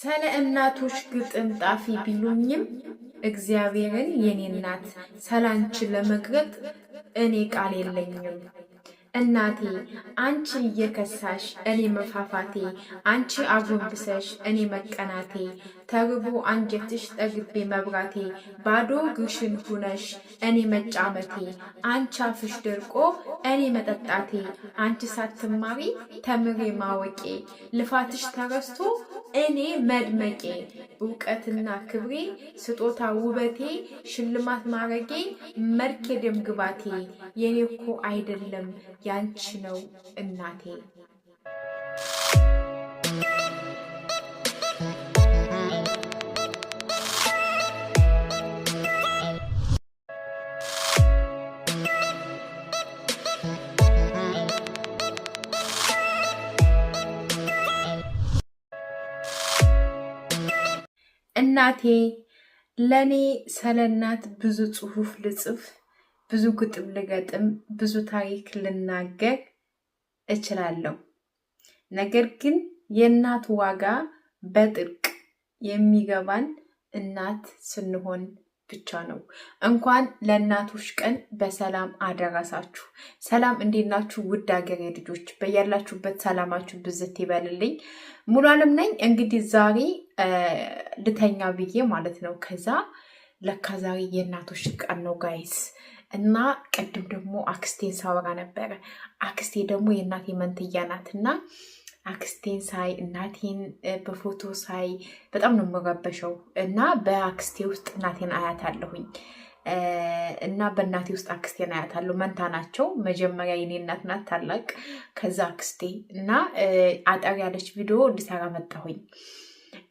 ስለ እናቶች ግጥም ጣፊ ቢሉኝም እግዚአብሔርን የኔ እናት ሰላንቺ ለመግለጥ እኔ ቃል የለኝም። እናቴ አንቺ እየከሳሽ እኔ መፋፋቴ፣ አንቺ አጎንብሰሽ እኔ መቀናቴ፣ ተርቦ አንጀትሽ ጠግቤ መብራቴ፣ ባዶ ግሽን ሁነሽ እኔ መጫመቴ፣ አንቺ አፍሽ ደርቆ እኔ መጠጣቴ፣ አንቺ ሳትማሪ ተምሬ ማወቄ፣ ልፋትሽ ተረስቶ እኔ መድመቄ እውቀትና ክብሬ ስጦታ ውበቴ ሽልማት ማረጌ መልክ ግባቴ የኔ እኮ አይደለም ያንቺ ነው እናቴ። እናቴ ለእኔ ስለ እናት ብዙ ጽሑፍ ልጽፍ፣ ብዙ ግጥም ልገጥም፣ ብዙ ታሪክ ልናገር እችላለሁ። ነገር ግን የእናት ዋጋ በጥልቅ የሚገባን እናት ስንሆን ብቻ ነው። እንኳን ለእናቶች ቀን በሰላም አደረሳችሁ። ሰላም እንዴት ናችሁ? ውድ ሀገሬ ልጆች በያላችሁበት ሰላማችሁ ብዝት ይበልልኝ። ሙሉ አለም ነኝ። እንግዲህ ዛሬ ልተኛ ብዬ ማለት ነው። ከዛ ለካ ዛሬ የእናቶች ቀን ነው ጋይስ። እና ቅድም ደግሞ አክስቴን ሳወራ ነበረ። አክስቴ ደግሞ የእናቴ መንትያ ናት እና አክስቴን ሳይ እናቴን በፎቶ ሳይ በጣም ነው የምረበሸው እና በአክስቴ ውስጥ እናቴን አያት አለሁኝ እና በእናቴ ውስጥ አክስቴን አያት አለሁ። መንታ ናቸው። መጀመሪያ የኔ እናት ናት ታላቅ፣ ከዛ አክስቴ እና አጠር ያለች ቪዲዮ እንድሰራ መጣሁኝ።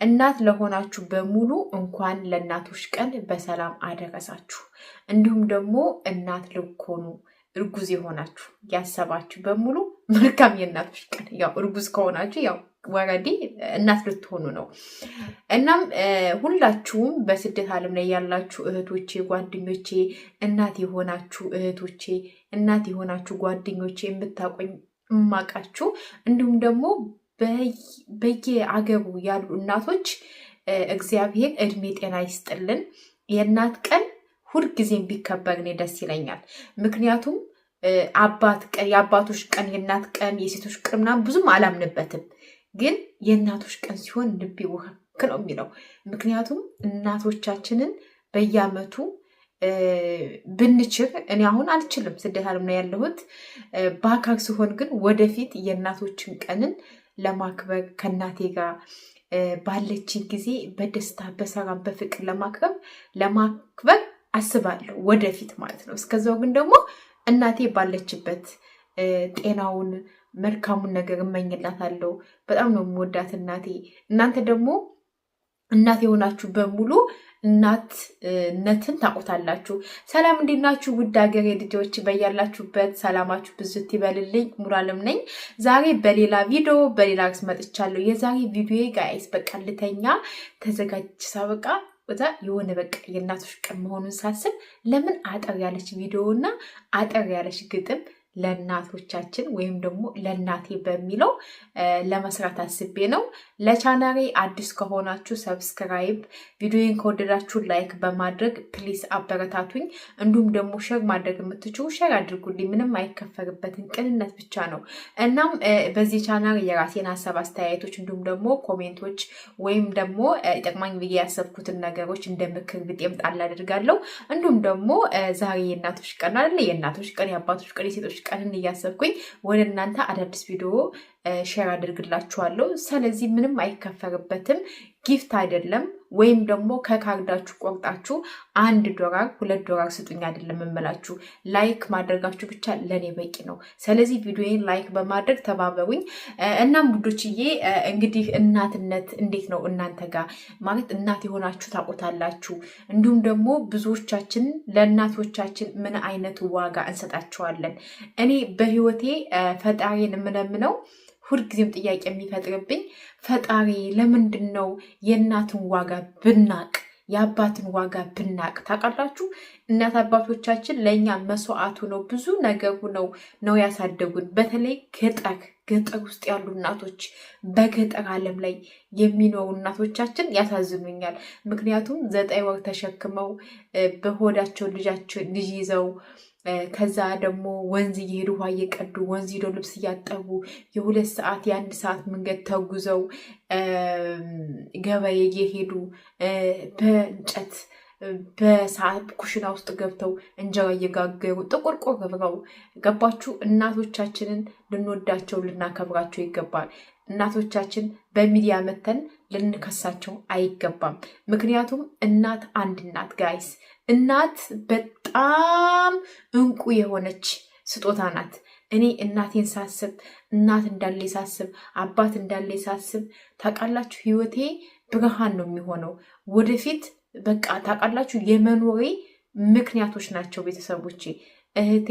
እናት ለሆናችሁ በሙሉ እንኳን ለእናቶች ቀን በሰላም አደረሳችሁ። እንዲሁም ደግሞ እናት ልኮኑ እርጉዝ የሆናችሁ ያሰባችሁ በሙሉ መልካም የእናቶች ቀን። ያው እርጉዝ ከሆናችሁ ያው ወረዲ እናት ልትሆኑ ነው። እናም ሁላችሁም በስደት ዓለም ላይ ያላችሁ እህቶቼ፣ ጓደኞቼ እናት የሆናችሁ እህቶቼ፣ እናት የሆናችሁ ጓደኞቼ፣ የምታቆኝ እማቃችሁ እንዲሁም ደግሞ በየአገሩ ያሉ እናቶች እግዚአብሔር እድሜ ጤና ይስጥልን። የእናት ቀን ሁልጊዜም ቢከበር እኔ ደስ ይለኛል። ምክንያቱም አባት ቀን፣ የአባቶች ቀን፣ የእናት ቀን፣ የሴቶች ቀን ምናምን ብዙም አላምንበትም። ግን የእናቶች ቀን ሲሆን ልቤ ውህክ ነው የሚለው። ምክንያቱም እናቶቻችንን በየአመቱ ብንችል እኔ አሁን አልችልም፣ ስደት ዓለም ነው ያለሁት። በአካል ሲሆን ግን ወደፊት የእናቶችን ቀንን ለማክበብ ከእናቴ ጋር ባለች ጊዜ በደስታ በሰላም በፍቅር ለማክበብ ለማክበብ አስባለሁ ወደፊት ማለት ነው። እስከዛው ግን ደግሞ እናቴ ባለችበት ጤናውን መልካሙን ነገር እመኝላታለሁ። በጣም ነው የምወዳት እናቴ። እናንተ ደግሞ እናት የሆናችሁ በሙሉ እናትነትን ታቆታላችሁ። ሰላም እንዲናችሁ ውድ ሀገሬ ልጆች በያላችሁበት ሰላማችሁ ብዙት ይበልልኝ። ሙሉዓለም ነኝ። ዛሬ በሌላ ቪዲዮ በሌላ ርዕስ መጥቻለሁ። የዛሬ ቪዲዮ ጋይስ በቃ ልተኛ ተዘጋጅ ሳበቃ ወዛ የሆነ በቃ የእናቶች ቀን መሆኑን ሳስብ ለምን አጠር ያለች ቪዲዮ እና አጠር ያለች ግጥም ለእናቶቻችን ወይም ደግሞ ለእናቴ በሚለው ለመስራት አስቤ ነው። ለቻናሌ አዲስ ከሆናችሁ ሰብስክራይብ፣ ቪዲዮን ከወደዳችሁ ላይክ በማድረግ ፕሊስ አበረታቱኝ። እንዲሁም ደግሞ ሸር ማድረግ የምትችሉ ሸር አድርጉልኝ። ምንም አይከፈርበትን ቅንነት ብቻ ነው። እናም በዚህ ቻናል የራሴን ሀሳብ አስተያየቶች፣ እንዲሁም ደግሞ ኮሜንቶች ወይም ደግሞ ጠቅማኝ ብዬ ያሰብኩትን ነገሮች እንደ ምክር ብጤም ጣል አድርጋለሁ። እንዲሁም ደግሞ ዛሬ የእናቶች ቀን አለ። የእናቶች ቀን፣ የአባቶች ቀን፣ የሴቶች ቀንን እያሰብኩኝ ወደ እናንተ አዳዲስ ቪዲዮ ሼር አድርግላችኋለሁ። ስለዚህ ምንም አይከፈልበትም፣ ጊፍት አይደለም። ወይም ደግሞ ከካርዳችሁ ቆርጣችሁ አንድ ዶላር ሁለት ዶላር ስጡኝ አይደለም የምላችሁ። ላይክ ማድረጋችሁ ብቻ ለእኔ በቂ ነው። ስለዚህ ቪዲዮዬን ላይክ በማድረግ ተባበሩኝ። እናም ቡዶችዬ እንግዲህ እናትነት እንዴት ነው እናንተ ጋር ማለት እናት የሆናችሁ ታቆታላችሁ። እንዲሁም ደግሞ ብዙዎቻችን ለእናቶቻችን ምን አይነት ዋጋ እንሰጣቸዋለን? እኔ በህይወቴ ፈጣሪን የምለምነው ሁልጊዜም ጥያቄ የሚፈጥርብኝ ፈጣሪ ለምንድን ነው የእናትን ዋጋ ብናቅ የአባትን ዋጋ ብናቅ? ታውቃላችሁ፣ እናት አባቶቻችን ለእኛ መስዋዕቱ ነው ብዙ ነገር ሁነው ነው ያሳደጉን። በተለይ ገጠር ገጠር ውስጥ ያሉ እናቶች፣ በገጠር ዓለም ላይ የሚኖሩ እናቶቻችን ያሳዝኑኛል። ምክንያቱም ዘጠኝ ወር ተሸክመው በሆዳቸው ልጃቸው ልጅ ይዘው ከዛ ደግሞ ወንዝ እየሄዱ ውሃ እየቀዱ ወንዝ ሄዶ ልብስ እያጠቡ የሁለት ሰዓት የአንድ ሰዓት መንገድ ተጉዘው ገበያ እየሄዱ በእንጨት በሰዓት ኩሽና ውስጥ ገብተው እንጀራ እየጋገሩ ጥቁር ቆርበው ገባችሁ። እናቶቻችንን ልንወዳቸው ልናከብራቸው ይገባል። እናቶቻችን በሚዲያ መተን ልንከሳቸው አይገባም። ምክንያቱም እናት አንድ እናት ጋይስ እናት በጣም እንቁ የሆነች ስጦታ ናት። እኔ እናቴን ሳስብ እናት እንዳለ ሳስብ አባት እንዳለ ሳስብ ታውቃላችሁ፣ ህይወቴ ብርሃን ነው የሚሆነው ወደፊት። በቃ ታውቃላችሁ፣ የመኖሬ ምክንያቶች ናቸው ቤተሰቦቼ። እህቴ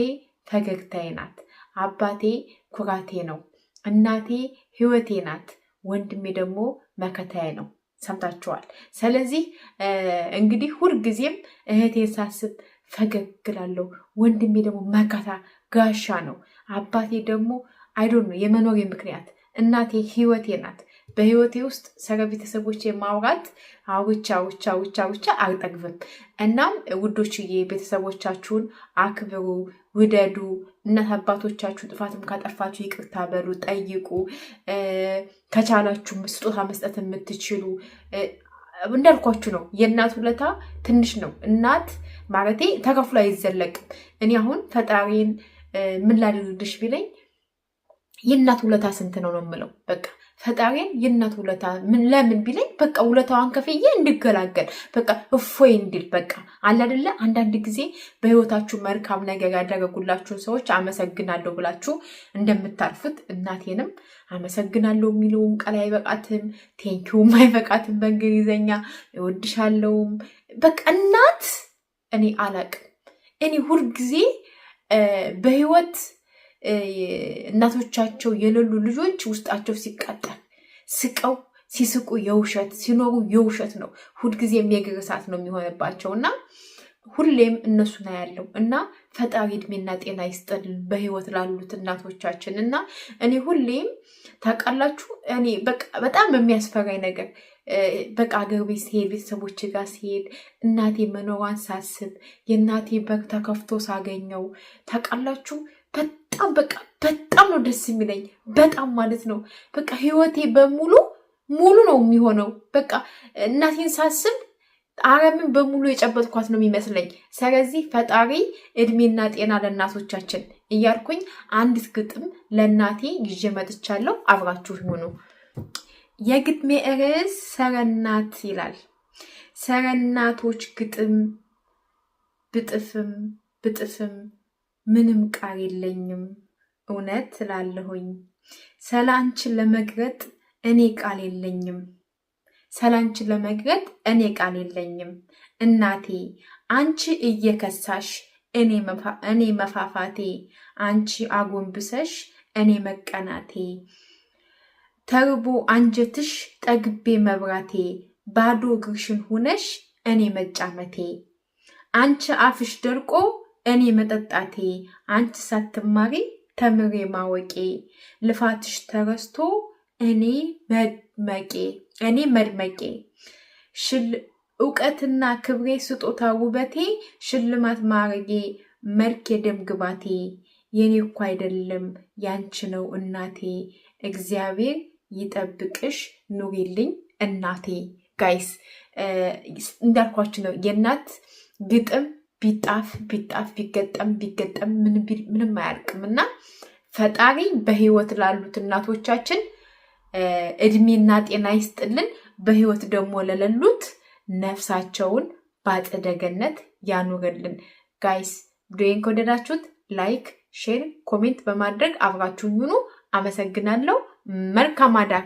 ፈገግታዬ ናት። አባቴ ኩራቴ ነው። እናቴ ህይወቴ ናት። ወንድሜ ደግሞ መከታዬ ነው። ሰምታችኋል። ስለዚህ እንግዲህ ሁልጊዜም እህቴን ሳስብ ፈገግላለሁ። ወንድሜ ደግሞ መከታ ጋሻ ነው። አባቴ ደግሞ አይዶን ነው የመኖሬ ምክንያት። እናቴ ህይወቴ ናት። በህይወቴ ውስጥ ሰገ ቤተሰቦች የማውራት አውቻ ውቻ ውቻ ውቻ አልጠግብም። እናም ውዶችዬ ቤተሰቦቻችሁን አክብሩ፣ ውደዱ። እናት አባቶቻችሁ ጥፋትም ካጠፋችሁ ይቅርታ በሉ፣ ጠይቁ። ከቻላችሁ ስጦታ መስጠት የምትችሉ እንዳልኳችሁ ነው። የእናት ውለታ ትንሽ ነው። እናት ማለት ተከፍሎ አይዘለቅም። እኔ አሁን ፈጣሪን ምን ላድርግልሽ ቢለኝ የእናት ውለታ ስንት ነው ነው የምለው በቃ ፈጣሪን የእናት ውለታ ለምን ቢለኝ በቃ ውለታዋን ከፍዬ እንድገላገል በቃ እፎይ እንድል በቃ አለ አይደለ። አንዳንድ ጊዜ በህይወታችሁ መልካም ነገር ያደረጉላችሁ ሰዎች አመሰግናለሁ ብላችሁ እንደምታልፉት እናቴንም አመሰግናለሁ የሚለውም ቃል አይበቃትም፣ ቴንኪውም አይበቃትም በእንግሊዘኛ እወድሻለውም በቃ እናት እኔ አላቅም። እኔ ሁልጊዜ በህይወት እናቶቻቸው የሌሉ ልጆች ውስጣቸው ሲቃጠል ስቀው ሲስቁ የውሸት ሲኖሩ የውሸት ነው። ሁልጊዜም የእግር እሳት ነው የሚሆንባቸው እና ሁሌም እነሱ ና ያለው እና ፈጣሪ እድሜና ጤና ይስጠልን በህይወት ላሉት እናቶቻችን። እና እኔ ሁሌም ታውቃላችሁ፣ እኔ በጣም የሚያስፈራኝ ነገር በቃ አገር ቤት ሲሄድ ቤተሰቦች ጋር ሲሄድ እናቴ መኖሯን ሳስብ የእናቴ በር ተከፍቶ ሳገኘው ታውቃላችሁ፣ በጣም በቃ በጣም ነው ደስ የሚለኝ። በጣም ማለት ነው በቃ ህይወቴ በሙሉ ሙሉ ነው የሚሆነው። በቃ እናቴን ሳስብ አረምን በሙሉ የጨበጥኳት ነው የሚመስለኝ። ስለዚህ ፈጣሪ እድሜና ጤና ለእናቶቻችን እያልኩኝ አንዲት ግጥም ለእናቴ ይዤ መጥቻለሁ። አብራችሁ ይሁኑ። የግጥሜ ርዕስ ሰረናት ይላል። ሰረናቶች ግጥም ብጥፍም ብጥፍም ምንም ቃል የለኝም እውነት ትላለሁኝ። ሰላንችን ለመግረጥ እኔ ቃል የለኝም ሰላንችን ለመግረጥ እኔ ቃል የለኝም። እናቴ አንቺ እየከሳሽ እኔ መፋፋቴ አንቺ አጎንብሰሽ እኔ መቀናቴ ተርቦ አንጀትሽ ጠግቤ መብራቴ፣ ባዶ እግርሽን ሆነሽ እኔ መጫመቴ፣ አንቺ አፍሽ ደርቆ እኔ መጠጣቴ፣ አንቺ ሳትማሪ ተምሬ ማወቄ፣ ልፋትሽ ተረስቶ እኔ መድመቄ እኔ መድመቄ እውቀትና ክብሬ ስጦታ ውበቴ ሽልማት ማረጌ መልክ የደም ግባቴ የኔ እኮ አይደለም ያንቺ ነው እናቴ እግዚአብሔር ይጠብቅሽ፣ ኑሪልኝ እናቴ። ጋይስ እንዳልኳችሁ ነው የእናት ግጥም ቢጣፍ ቢጣፍ ቢገጠም ቢገጠም ምንም አያልቅም እና ፈጣሪ በህይወት ላሉት እናቶቻችን እድሜና ጤና ይስጥልን። በህይወት ደግሞ ለሌሉት ነፍሳቸውን በአጸደ ገነት ያኑርልን። ጋይስ ቪዲዮን ከወደዳችሁት ላይክ፣ ሼር፣ ኮሜንት በማድረግ አብራችሁኝ ሁኑ። አመሰግናለሁ። መልካም አዳር